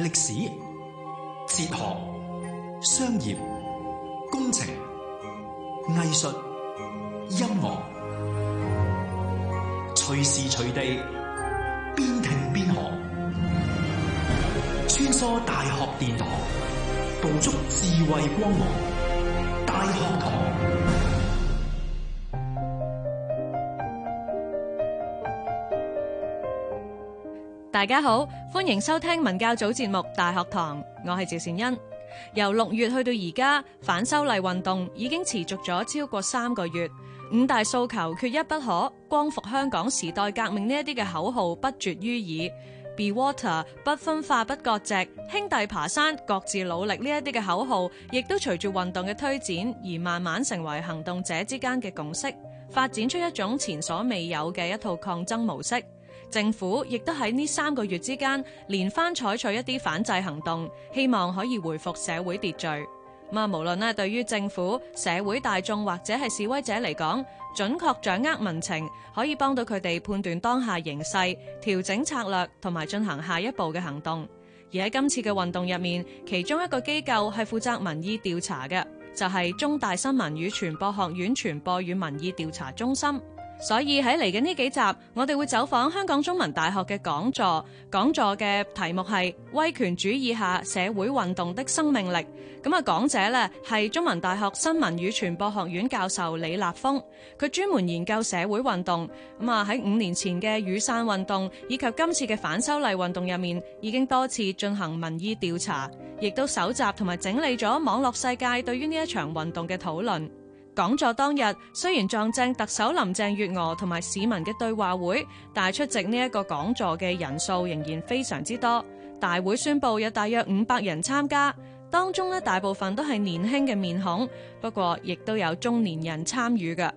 歷史、哲學、商業、工程、藝術、音樂，隨時隨地，邊聽邊學，穿梭大學殿堂，捕捉智慧光芒。大學堂，大家好。歡迎收聽文教組節目《大學堂》，我係趙善恩。由六月去到而家，反修例運動已經持續咗超過三個月，五大訴求缺一不可，光復香港、時代革命呢一啲嘅口號不絕於耳。Be water，不分化、不割席，兄弟爬山，各自努力呢一啲嘅口號，亦都隨住運動嘅推展而慢慢成為行動者之間嘅共識，發展出一種前所未有嘅一套抗爭模式。政府亦都喺呢三個月之間，連番採取一啲反制行動，希望可以回復社會秩序。啊，無論咧對於政府、社會大眾或者係示威者嚟講，準確掌握民情，可以幫到佢哋判斷當下形勢，調整策略同埋進行下一步嘅行動。而喺今次嘅運動入面，其中一個機構係負責民意調查嘅，就係中大新聞與傳播學院傳播與民意調查中心。所以喺嚟緊呢幾集，我哋會走訪香港中文大學嘅講座，講座嘅題目係威權主義下社會運動的生命力。咁啊，講者呢係中文大學新聞與傳播學院教授李立峰，佢專門研究社會運動。咁啊，喺五年前嘅雨傘運動以及今次嘅反修例運動入面，已經多次進行民意調查，亦都搜集同埋整理咗網絡世界對於呢一場運動嘅討論。講座當日雖然撞正特首林鄭月娥同埋市民嘅對話會，但係出席呢一個講座嘅人數仍然非常之多。大會宣布有大約五百人參加，當中呢，大部分都係年輕嘅面孔，不過亦都有中年人參與噶。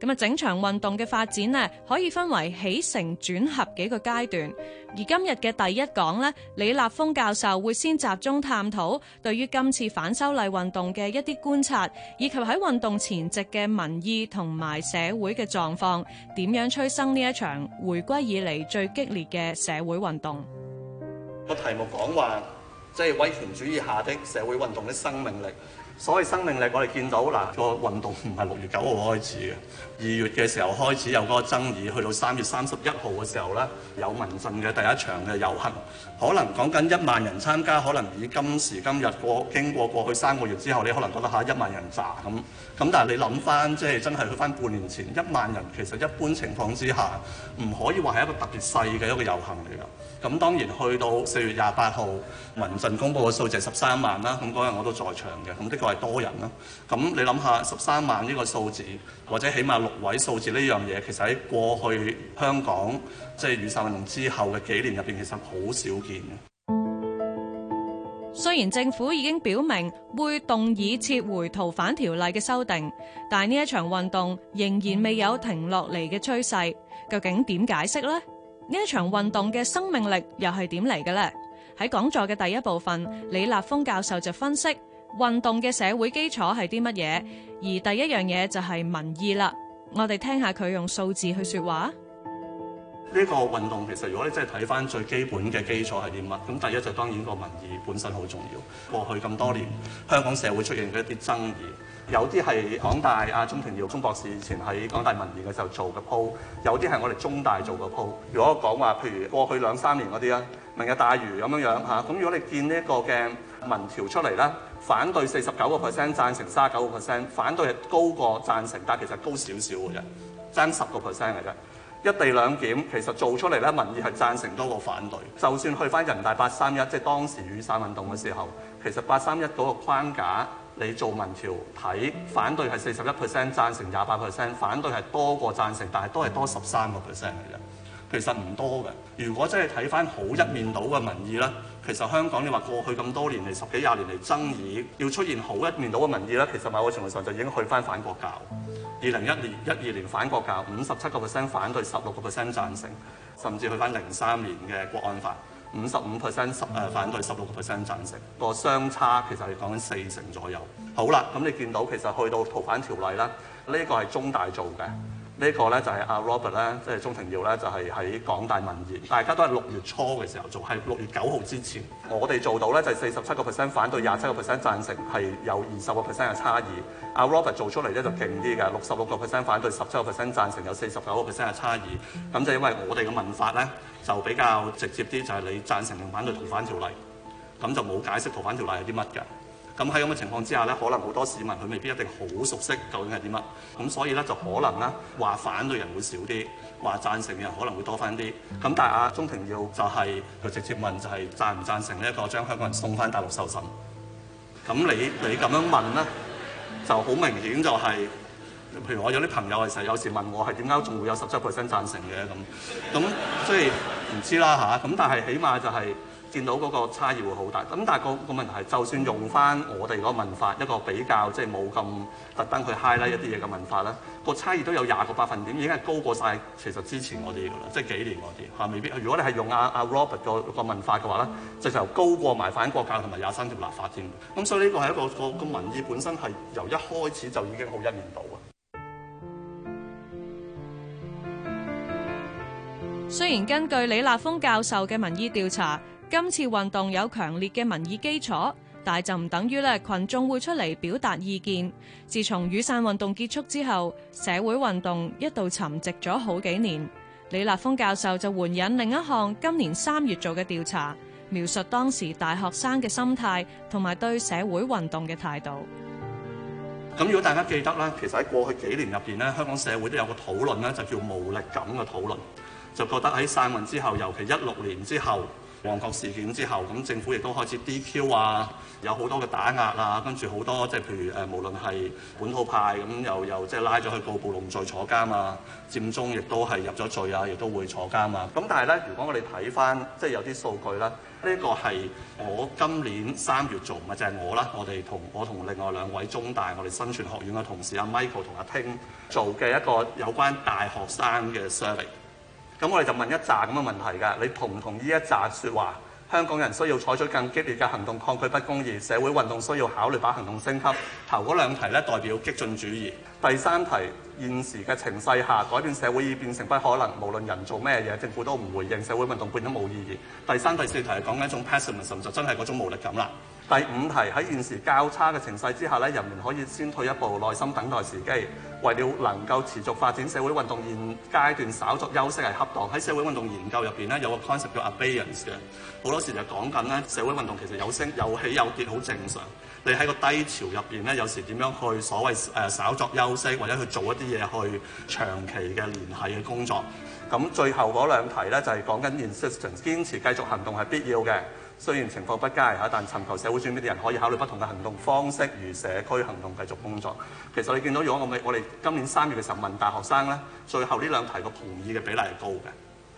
咁啊，整場運動嘅發展咧，可以分為起承轉合幾個階段。而今日嘅第一講咧，李立峯教授會先集中探討對於今次反修例運動嘅一啲觀察，以及喺運動前夕嘅民意同埋社會嘅狀況點樣催生呢一場回歸以嚟最激烈嘅社會運動。個題目講話，即係威權主義下的社會運動的生命力。所謂生命力我，我哋見到嗱，個運動唔係六月九號開始嘅。二月嘅時候開始有嗰個爭議，去到三月三十一號嘅時候咧，有民陣嘅第一場嘅遊行，可能講緊一萬人參加，可能以今時今日過經過過去三個月之後，你可能覺得吓一,一萬人咋咁？咁但係你諗翻，即係真係去翻半年前一萬人，其實一般情況之下唔可以話係一個特別細嘅一個遊行嚟㗎。咁當然去到四月廿八號民陣公布嘅數字係十三萬啦。咁嗰日我都在場嘅，咁的確係多人啦。咁你諗下十三萬呢個數字，或者起碼，位數字呢樣嘢其實喺過去香港即係雨傘運動之後嘅幾年入邊，其實好少見嘅。雖然政府已經表明會動議撤回逃犯條例嘅修訂，但係呢一場運動仍然未有停落嚟嘅趨勢。究竟點解釋呢？呢一場運動嘅生命力又係點嚟嘅呢？喺講座嘅第一部分，李立峯教授就分析運動嘅社會基礎係啲乜嘢，而第一樣嘢就係民意啦。我哋聽下佢用數字去説話，呢個運動其實，如果你真係睇翻最基本嘅基礎係啲乜咁，第一就當然個民意本身好重要。過去咁多年香港社會出現嘅一啲爭議，有啲係港大阿鍾庭耀鍾博士以前喺港大民意嘅時候做嘅鋪，有啲係我哋中大做嘅鋪。如果講話，譬如過去兩三年嗰啲啊，明日大嶼咁樣樣嚇咁，如果你見呢一個嘅。民調出嚟咧，反對四十九個 percent，贊成三十九個 percent，反對係高過贊成，但係其實高少少嘅啫，爭十個 percent 嚟嘅。一地兩檢其實做出嚟咧，民意係贊成多過反對。就算去翻人大八三一，即係當時雨傘運動嘅時候，其實八三一嗰個框架，你做民調睇，反對係四十一 percent，贊成廿八 percent，反對係多過贊成，但係都係多十三個 percent 嚟嘅。其實唔多嘅。如果真係睇翻好一面倒嘅民意咧。其實香港你話過去咁多年嚟十幾廿年嚟爭議，要出現好一面倒嘅民意咧，其實某個程度上就已經去返反國教。二零一年一二年反國教五十七個 percent 反對，十六個 percent 贊成，甚至去返零三年嘅國安法五十五 percent 十誒反對，十六個 percent 贊成，個相差其實係講緊四成左右。好啦，咁你見到其實去到逃犯條例啦，呢個係中大做嘅。呢個呢，就係阿 Robert 咧，即係鍾庭耀呢，就係喺港大民意，大家都係六月初嘅時候做，係六月九號之前， 我哋做到呢，就係四十七個 percent 反對，廿七個 percent 贊成，係有二十個 percent 嘅差異。阿 Robert 做出嚟呢，就勁啲嘅，六十六個 percent 反對，十七個 percent 贊成，有四十九個 percent 嘅差異。咁就因為我哋嘅問法呢，就比較直接啲，就係你贊成定反對逃犯條例，咁就冇解釋逃犯條例有啲乜嘅。咁喺咁嘅情況之下呢，可能好多市民佢未必一定好熟悉究竟係點乜，咁所以呢，就可能呢，話反對人會少啲，話贊成嘅人可能會多翻啲。咁但係阿鍾庭耀就係、是、佢直接問就係贊唔贊成呢、這、一個將香港人送翻大陸受審。咁你你咁樣問呢，就好明顯就係、是，譬如我有啲朋友其實有時問我係點解仲會有十七 percent 贊成嘅咁，咁即係唔知啦吓，咁、啊、但係起碼就係、是。見到嗰個差異會好大，咁但係個個問題係，就算用翻我哋嗰個問法，一個比較即係冇咁特登去 highlight 一啲嘢嘅問法咧，嗰個差異都有廿個百分點，已經係高過晒。其實之前我哋噶啦，即係幾年我哋，嚇、啊、未必。如果你係用阿、啊、阿、啊、Robert 個、嗰個問法嘅話咧，直頭高過埋反國教同埋廿三條立法添。咁所以呢個係一個個個民意本身係由一開始就已經好一面倒嘅。雖然根據李立峯教授嘅民意調查。今次運動有強烈嘅民意基礎，但係就唔等於咧，羣眾會出嚟表達意見。自從雨傘運動結束之後，社會運動一度沉寂咗好幾年。李立峯教授就援引另一項今年三月做嘅調查，描述當時大學生嘅心態同埋對社會運動嘅態度。咁如果大家記得咧，其實喺過去幾年入邊咧，香港社會都有個討論咧，就叫無力感嘅討論，就覺得喺傘運之後，尤其一六年之後。旺角事件之後，咁政府亦都開始 DQ 啊，有好多嘅打壓啊，跟住好多即係譬如誒，無論係本土派咁，又又即係拉咗去告暴動罪，再坐監啊，佔中亦都係入咗罪啊，亦都會坐監啊。咁但係咧，如果我哋睇翻即係有啲數據咧，呢個係我今年三月做，唔係就係我啦，我哋同我同另外兩位中大我哋新傳學院嘅同事阿 Michael 同阿 Ting 做嘅一個有關大學生嘅 survey。咁我哋就問一紮咁嘅問題㗎，你同唔同意一紮説話？香港人需要採取更激烈嘅行動抗拒不公義，社會運動需要考慮把行動升級。頭嗰兩題咧，代表激進主義。第三題現時嘅情勢下改變社會已變成不可能，無論人做咩嘢政府都唔回應，社會運動變咗冇意義。第三第四題係講緊一種 pessimism，就真係嗰種無力感啦。第五題喺現時較差嘅情勢之下咧，人們可以先退一步，耐心等待時機。為了能夠持續發展社會運動，現階段稍作休息係恰當。喺社會運動研究入邊咧，有個 concept 叫 abeyance 嘅，好多時就係講緊咧社會運動其實有升有起有跌，好正常。你喺個低潮入邊咧，有時點樣去所謂誒稍作休息，或者去做一啲嘢去長期嘅聯繫嘅工作。咁最後嗰兩題咧就係講緊 insistence 堅持繼續行動係必要嘅。雖然情況不佳下，但尋求社會轉變的人可以考慮不同嘅行動方式，如社區行動繼續工作。其實你見到，如果我哋我哋今年三月嘅時候問大學生咧，最後呢兩題個同意嘅比例係高嘅。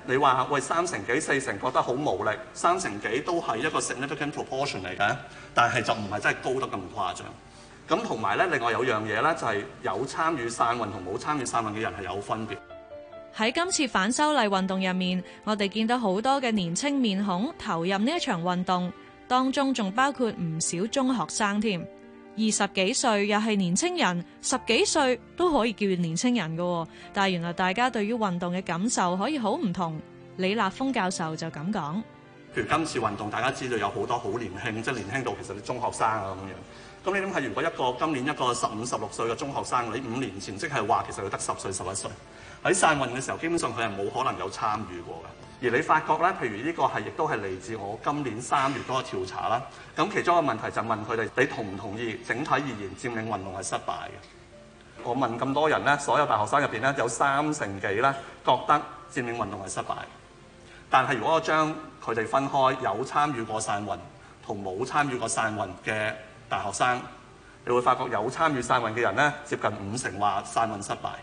你話喂三成幾四成覺得好無力，三成幾都係一個 significant proportion 嚟嘅，但係就唔係真係高得咁誇張。咁同埋咧，另外有樣嘢咧就係有參與社運同冇參與社運嘅人係有分別。喺今次反修例運動入面，我哋見到好多嘅年輕面孔投入呢一場運動當中，仲包括唔少中學生添，二十幾歲又係年青人，十幾歲都可以叫年青人噶。但係原來大家對於運動嘅感受可以好唔同。李立峯教授就咁講，譬如今次運動，大家知道有好多好年輕，即係年輕到其實啲中學生啊咁樣。咁你諗係如果一個今年一個十五十六歲嘅中學生，你五年前即係話其實佢得十歲十一歲，喺散運嘅時候，基本上佢係冇可能有參與過嘅。而你發覺咧，譬如呢個係亦都係嚟自我今年三月嗰個調查啦。咁其中一個問題就問佢哋：你同唔同意整體而言佔領運動係失敗嘅？我問咁多人咧，所有大學生入邊咧有三成幾咧覺得佔領運動係失敗。但係如果我將佢哋分開，有參與過散運同冇參與過散運嘅。大學生，你會發覺有參與社運嘅人咧，接近五成話社運失敗；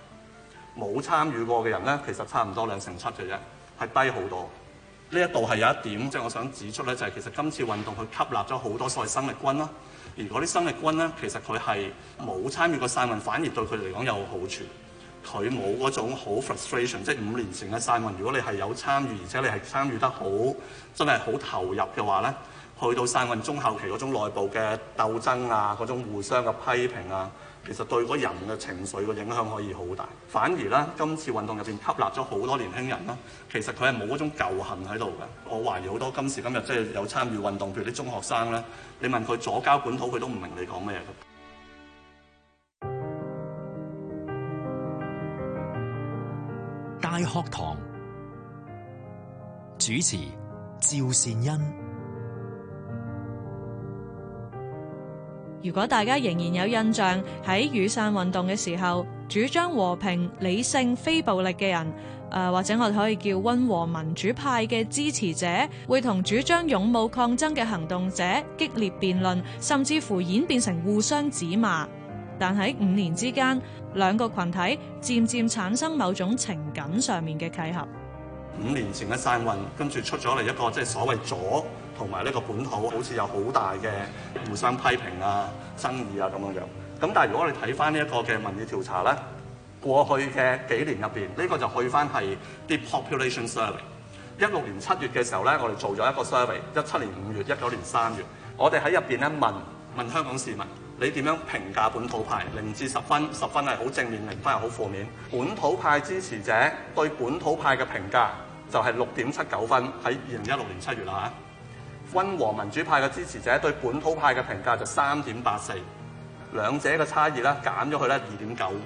冇參與過嘅人咧，其實差唔多兩成七嘅啫，係低好多。呢一度係有一點，即係我想指出呢，就係其實今次運動佢吸納咗好多所謂生力軍啦，而嗰啲生力軍呢，其實佢係冇參與過社運，反而對佢嚟講有好處。佢冇嗰種好 frustration，即係五年前嘅社運，如果你係有參與，而且你係參與得好，真係好投入嘅話呢。去到傘運中後期嗰種內部嘅鬥爭啊，嗰種互相嘅批評啊，其實對個人嘅情緒嘅影響可以好大。反而咧，今次運動入邊吸納咗好多年輕人啦，其實佢係冇嗰種舊恨喺度嘅。我懷疑好多今時今日即係有參與運動，譬如啲中學生咧，你問佢左膠、本土，佢都唔明你講咩嘅。大學堂主持趙善恩。如果大家仍然有印象，喺雨傘運動嘅時候，主張和平、理性、非暴力嘅人，誒、呃、或者我哋可以叫溫和民主派嘅支持者，會同主張勇武抗爭嘅行動者激烈辯論，甚至乎演變成互相指罵，但喺五年之間，兩個群體漸漸產生某種情感上面嘅契合。五年前嘅傘運，跟住出咗嚟一個即係所謂左，同埋呢個本土，好似有好大嘅互相批評啊、爭議啊咁樣樣。咁但係如果你睇翻呢一個嘅民意調查呢，過去嘅幾年入邊，呢個就去翻係啲 population survey。一六年七月嘅時候呢，我哋做咗一個 survey；一七年五月、一九年三月，我哋喺入邊呢問問香港市民你點樣評價本土派？零至十分，十分係好正面，零分係好負面。本土派支持者對本土派嘅評價。就係六點七九分，喺二零一六年七月啦嚇。啊、溫和民主派嘅支持者對本土派嘅評價就三點八四，兩者嘅差異咧減咗去咧二點九五。95，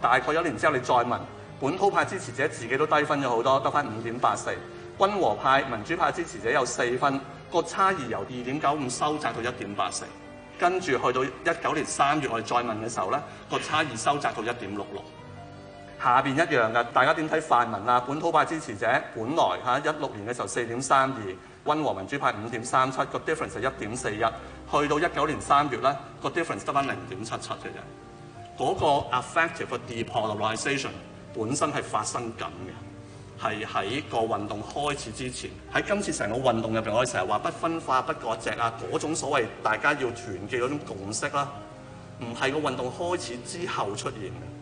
大概一年之後你再問本土派支持者，自己都低分咗好多，得翻五點八四。溫和派民主派支持者有四分，個差異由二點九五收窄到一點八四。跟住去到一九年三月我哋再問嘅時候咧，個差異收窄到一點六六。下邊一樣嘅，大家點睇泛民啊？本土派支持者，本來嚇一六年嘅時候四點三二，温和民主派五點三七，個 difference 係一點四一，去到一九年三月咧，差別那個 difference 得翻零點七七嘅啫。嗰個 affective 嘅 depolarization 本身係發生緊嘅，係喺個運動開始之前，喺今次成個運動入邊，我哋成日話不分化、不割蓆啊嗰種所謂大家要團結嗰種共識啦，唔係個運動開始之後出現嘅。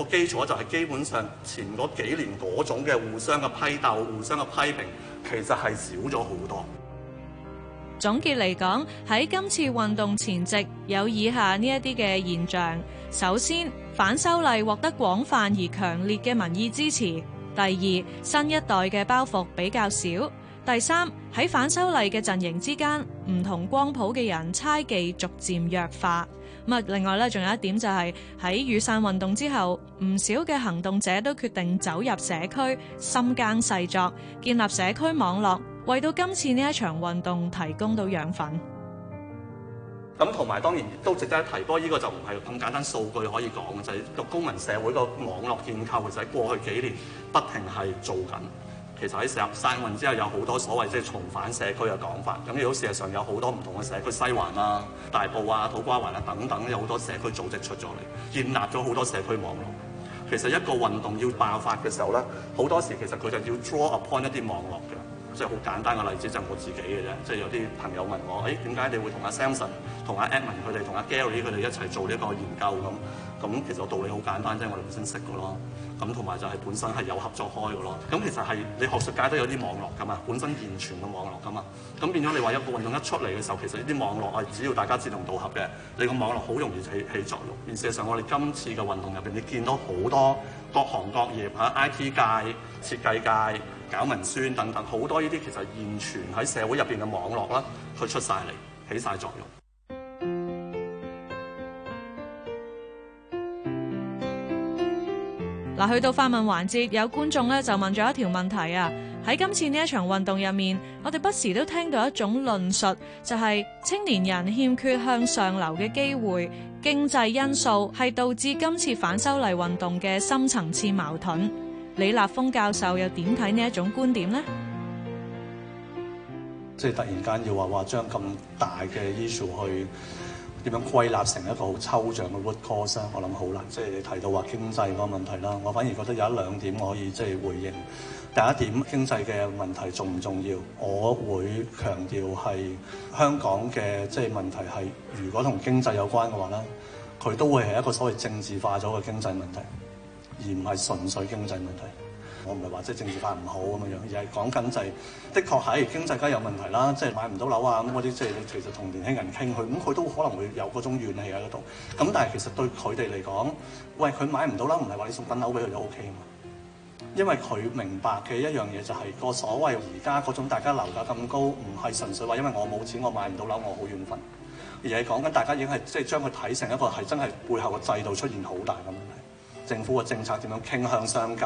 個基礎就係基本上前嗰幾年嗰種嘅互相嘅批鬥、互相嘅批評，其實係少咗好多。總結嚟講，喺今次運動前夕有以下呢一啲嘅現象：首先，反修例獲得廣泛而強烈嘅民意支持；第二，新一代嘅包袱比較少；第三，喺反修例嘅陣營之間，唔同光譜嘅人猜忌逐漸弱化。另外咧，仲有一點就係喺雨傘運動之後，唔少嘅行動者都決定走入社區，深耕細作，建立社區網絡，為到今次呢一場運動提供到養分。咁同埋當然都值得一提多，呢個就唔係咁簡單數據可以講嘅，就係個公民社會個網絡建構，就喺過去幾年不停係做緊。其實喺成日傘運之後有好多所謂即係重返社區嘅講法，咁亦都事實上有好多唔同嘅社區，西環啦、大埔啊、土瓜灣啊等等，有好多社區組織出咗嚟，建立咗好多社區網絡。其實一個運動要爆發嘅時候咧，好多時其實佢就要 draw upon 一啲網絡嘅，即係好簡單嘅例子就係我自己嘅啫，即係有啲朋友問我：誒點解你會同阿 Samson、同阿 Edmond 佢哋、同阿 Gary 佢哋一齊做呢個研究咁？咁其實道理好簡單，即係我哋本身識嘅咯。咁同埋就係本身係有合作開嘅咯。咁其實係你學術界都有啲網絡噶嘛，本身現存嘅網絡噶嘛。咁變咗你話一個運動一出嚟嘅時候，其實呢啲網絡係只要大家志同道合嘅，你個網絡好容易起起作用。而事實上，我哋今次嘅運動入邊，你見到好多各行各業，嚇 IT 界、設計界、搞文宣等等，好多呢啲其實現存喺社會入邊嘅網絡啦，佢出晒嚟起晒作用。嗱，去到發問環節，有觀眾咧就問咗一條問題啊。喺今次呢一場運動入面，我哋不時都聽到一種論述，就係青年人欠缺向上流嘅機會，經濟因素係導致今次反修例運動嘅深層次矛盾。李立峯教授又點睇呢一種觀點呢？即係突然間要話話將咁大嘅 issue 去點樣歸納成一個好抽象嘅 root cause 啊？我諗好難，即係你提到話經濟嗰個問題啦，我反而覺得有一兩點我可以即係回應。第一點，經濟嘅問題重唔重要？我會強調係香港嘅即係問題係，如果同經濟有關嘅話咧，佢都會係一個所謂政治化咗嘅經濟問題，而唔係純粹經濟問題。我唔係話即係政治化唔好咁樣樣，而係講緊就係，的確係經濟家有問題啦，即係買唔到樓啊咁嗰啲，即係其實同年輕人傾佢，咁佢都可能會有嗰種怨氣喺嗰度。咁但係其實對佢哋嚟講，喂，佢買唔到樓，唔係話你送緊樓俾佢就 O K 啊嘛。因為佢明白嘅一樣嘢就係個所謂而家嗰種大家樓價咁高，唔係純粹話因為我冇錢我買唔到樓，我好怨憤，而係講緊大家已經係即係將佢睇成一個係真係背後嘅制度出現好大嘅問題。政府嘅政策點樣傾向商界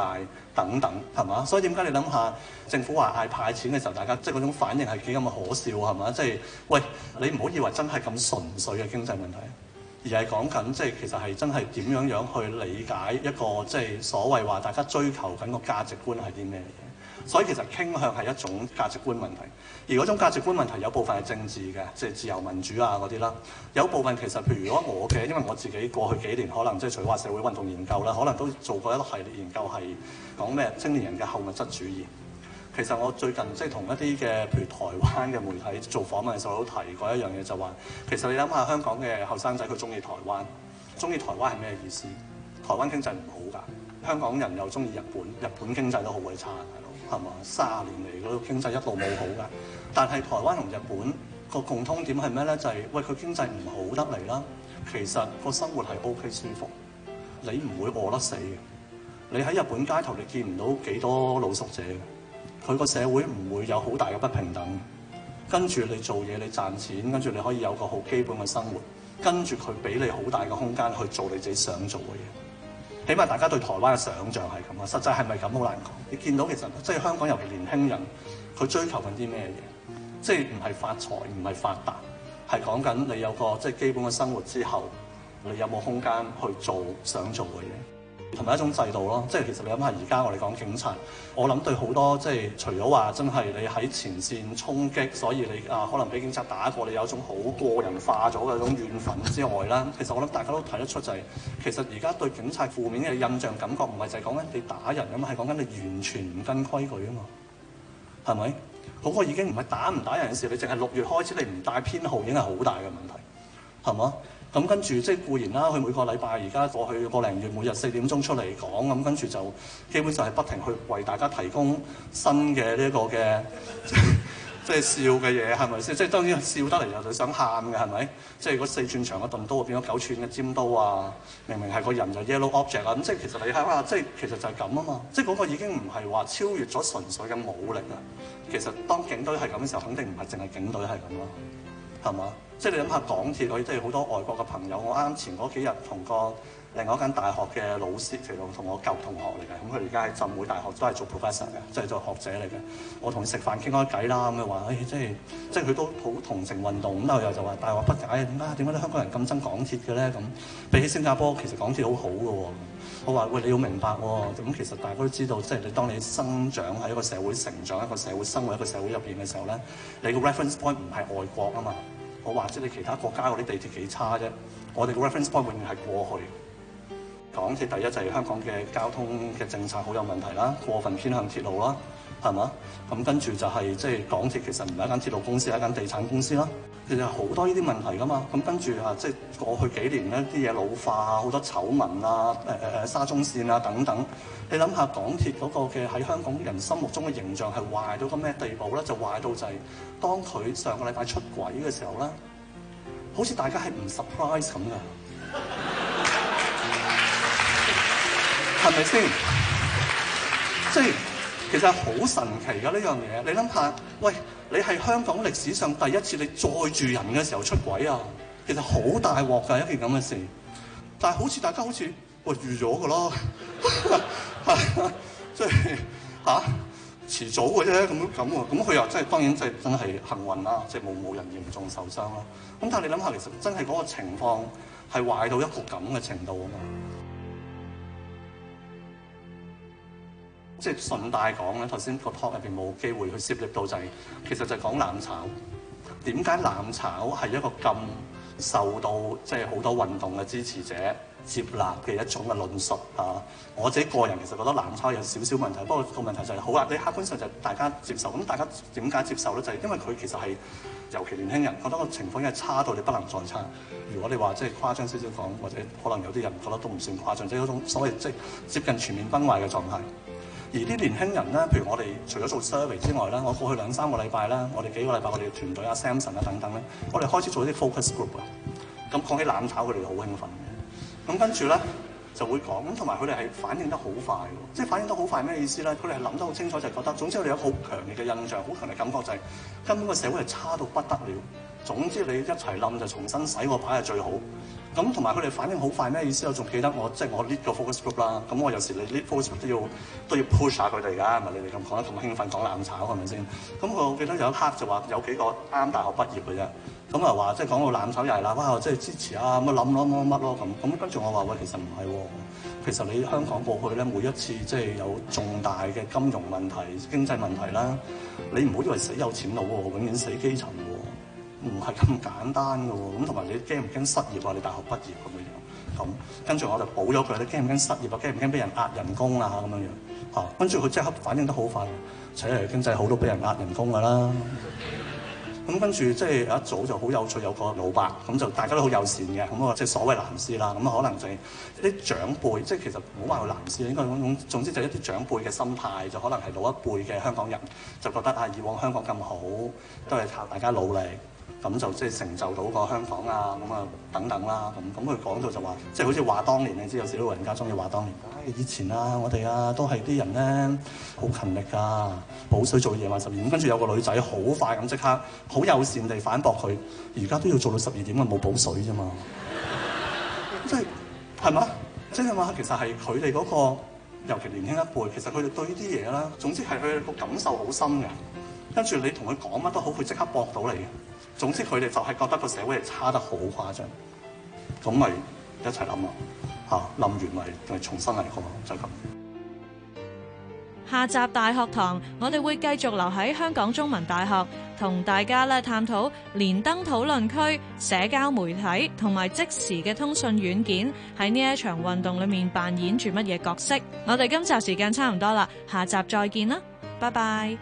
等等係嘛？所以點解你諗下政府話嗌派錢嘅時候，大家即係、就是、嗰種反應係幾咁嘅可笑係嘛？即係、就是、喂，你唔好以為真係咁純粹嘅經濟問題，而係講緊即係其實係真係點樣樣去理解一個即係、就是、所謂話大家追求緊個價值觀係啲咩？所以其實傾向係一種價值觀問題，而嗰種價值觀問題有部分係政治嘅，即係自由民主啊嗰啲啦。有部分其實，譬如如果我嘅，因為我自己過去幾年可能即係除咗社會運動研究啦，可能都做過一系列研究係講咩？青年人嘅後物質主義。其實我最近即係同一啲嘅，譬如台灣嘅媒體做訪問嘅時候都提過一樣嘢就話，其實你諗下香港嘅後生仔佢中意台灣，中意台灣係咩意思？台灣經濟唔好㗎，香港人又中意日本，日本經濟都好鬼差。係嘛？三廿年嚟嗰個經濟一路冇好嘅，但係台灣同日本個共通點係咩咧？就係，喂佢經濟唔好得嚟啦，其實個生活係 O K 舒服，你唔會餓得死嘅。你喺日本街頭你見唔到幾多露宿者嘅，佢個社會唔會有好大嘅不平等。跟住你做嘢你賺錢，跟住你可以有個好基本嘅生活，跟住佢俾你好大嘅空間去做你自己想做嘅嘢。起碼大家對台灣嘅想像係咁啊，實際係咪咁好難講。你見到其實即係香港，尤其年輕人，佢追求緊啲咩嘢？即係唔係發財，唔係發達，係講緊你有個即係基本嘅生活之後，你有冇空間去做想做嘅嘢？同埋一種制度咯，即係其實你諗下，而家我哋講警察，我諗對好多即係除咗話真係你喺前線衝擊，所以你啊可能俾警察打過，你有一種好個人化咗嘅一種怨憤之外啦，其實我諗大家都睇得出就係、是、其實而家對警察負面嘅印象感覺，唔係就係講緊你打人啊嘛，係講緊你完全唔跟規矩啊嘛，係咪？好過已經唔係打唔打人嘅事，你淨係六月開始你唔帶編號，已經係好大嘅問題，係嘛？咁跟住即固然啦，佢每個禮拜而家過去個零月，每日四點鐘出嚟講，咁跟住就基本上係不停去為大家提供新嘅呢、這個嘅即 即笑嘅嘢，係咪先？即當然笑得嚟又想喊嘅，係咪？即嗰四寸長嘅鈍刀會變咗九寸嘅尖刀啊！明明係個人就是、yellow object 啊！咁即其實你睇下、啊，即其實就係咁啊嘛！即嗰個已經唔係話超越咗純粹嘅武力啊！其實當警隊係咁嘅時候，肯定唔係淨係警隊係咁咯。係嘛？即係你諗下港鐵，佢即係好多外國嘅朋友。我啱前嗰幾日同個另外一間大學嘅老師，其實同我舊同學嚟嘅。咁佢而家喺浸會大學，都係做 professor 嘅，即係做學者嚟嘅。我同佢食飯傾開偈啦，咁嘅話，誒、哎、即係即係佢都好同情運動。咁後又就話：但係話不解啊，點解啲香港人咁憎港鐵嘅咧？咁、嗯、比起新加坡，其實港鐵好好㗎喎。我話：喂，你要明白喎、哦。咁、嗯嗯、其實大家都知道，即係你當你生長喺一個社會、成長一個社會、生活一個社會入邊嘅時候咧，你個 reference point 唔係外國啊嘛。我話知你其他國家嗰啲地鐵幾差啫，我哋嘅 reference point 永遠係過去。港鐵第一就係、是、香港嘅交通嘅政策好有問題啦，過分偏向鐵路啦。係嘛？咁跟住就係即係港鐵其實唔係一間鐵路公司，係一間地產公司啦。其實好多呢啲問題㗎嘛。咁跟住啊，即係過去幾年咧，啲嘢老化啊，好多醜聞啊，誒誒誒沙中線啊等等。你諗下港鐵嗰個嘅喺香港人心目中嘅形象係壞到個咩地步咧？就壞到就係、係、當佢上個禮拜出軌嘅時候咧，好似大家係唔 surprise 咁㗎，係咪先？即係、 就係。其實好神奇㗎呢樣嘢，你諗下，喂，你係香港歷史上第一次你載住人嘅時候出軌啊！其實好大鑊㗎一件咁嘅事，但係好似大家好似喂預咗㗎咯，即係吓，遲早嘅啫，咁樣咁喎，咁佢又真係當然即係真係幸運啦，即係冇冇人嚴重受傷啦。咁但係你諗下，其實真係嗰個情況係壞到一個咁嘅程度啊嘛。即係順帶講咧，頭先個 talk 入邊冇機會去涉獵到就係、是、其實就係講攬炒。點解攬炒係一個咁受到即係好多運動嘅支持者接納嘅一種嘅論述啊？我自己個人其實覺得攬炒有少少問題，不過個問題就係好啊。你客觀上就大家接受咁，大家點解接受咧？就係、是、因為佢其實係尤其年輕人覺得個情況因為差到你不能再差。如果你話即係誇張少少講，或者可能有啲人覺得都唔算誇張，即、就、係、是、一種所謂即係、就是、接近全面崩壞嘅狀態。而啲年輕人呢，譬如我哋除咗做 survey 之外呢，我過去兩三個禮拜啦，我哋幾個禮拜我哋團隊啊 Samson 啊等等呢，我哋開始做啲 focus group 啊，咁講起攬炒佢哋好興奮嘅，咁跟住呢。就會講咁，同埋佢哋係反應得好快喎。即係反應得好快咩意思咧？佢哋係諗得好清楚，就係、是、覺得總之我哋有好強烈嘅印象，好強烈感覺就係根本個社會係差到不得了。總之你一齊冧就重新洗個牌係最好。咁同埋佢哋反應好快咩意思？我仲記得我即係、就是、我呢個 focus group 啦。咁我有時你呢 focus group 都要都要 push 下佢哋㗎，唔係你哋咁講得咁興奮講冷炒係咪先？咁我記得有一刻就話有幾個啱大學畢業嘅。咁啊話即係講到攬炒又係啦，哇！即係支持啊，乜啊諗咯，乜乜咯咁。咁跟住我話喂，其實唔係喎，其實你香港過去咧，每一次即係有重大嘅金融問題、經濟問題啦，你唔好以為死有錢佬喎、哦，永遠死基層喎、哦，唔係咁簡單噶喎、哦。咁同埋你驚唔驚失業啊？你大學畢業咁、啊、樣樣咁，跟住我就補咗佢。你驚唔驚失業啊？驚唔驚俾人呃人工啊？咁樣樣嚇，跟住佢即刻反應得好快，睇嚟經濟好都俾人呃人工噶啦。咁跟住即係有一組就好有趣，有個老伯咁就大家都好友善嘅咁啊，即係所謂男士啦咁啊，可能就係啲長輩，即係其實唔好話佢男士，應該係嗰種總之就係一啲長輩嘅心態，就可能係老一輩嘅香港人就覺得啊，以往香港咁好都係靠大家努力。.咁就即係成就到個香港啊，咁啊，等等啦，咁，咁佢講到就話，即係好似話當年，你知有少老人家中意話當年，唉，以前啊我哋啊都係啲人咧好勤力噶，補水做夜晚十二點，跟住有個女仔好快咁即刻好友善地反駁佢，而家都要做到十二點啊，冇補水啫嘛，即係係嘛？即係話其實係佢哋嗰個，尤其年輕一輩，其實佢哋對呢啲嘢啦，總之係佢個感受好深嘅。跟住你同佢講乜都好，佢即刻搏到你嘅。總之佢哋就係覺得個社會係差得好誇張，咁咪一齊諗啦。嚇、啊，諗完咪咪重新嚟過，就咁。下集大學堂，我哋會繼續留喺香港中文大學，同大家咧探討連登討論區、社交媒體同埋即時嘅通訊軟件喺呢一場運動裡面扮演住乜嘢角色。我哋今集時間差唔多啦，下集再見啦，拜拜。